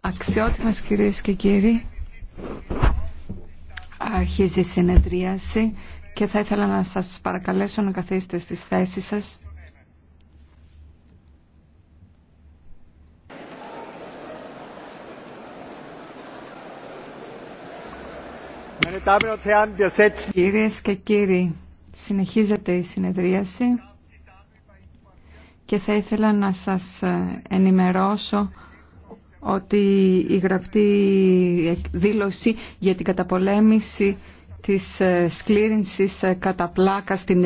Αξιότιμες κυρίες και κύριοι, αρχίζει η συνεδρίαση και θα ήθελα να σας παρακαλέσω να καθίσετε στις θέσεις σας. Κυρίες και κύριοι, συνεχίζεται η συνεδρίαση και θα ήθελα να σας ε, ενημερώσω ότι η γραπτή δήλωση για την καταπολέμηση της ε, σκλήρινσης ε, κατά πλάκα στην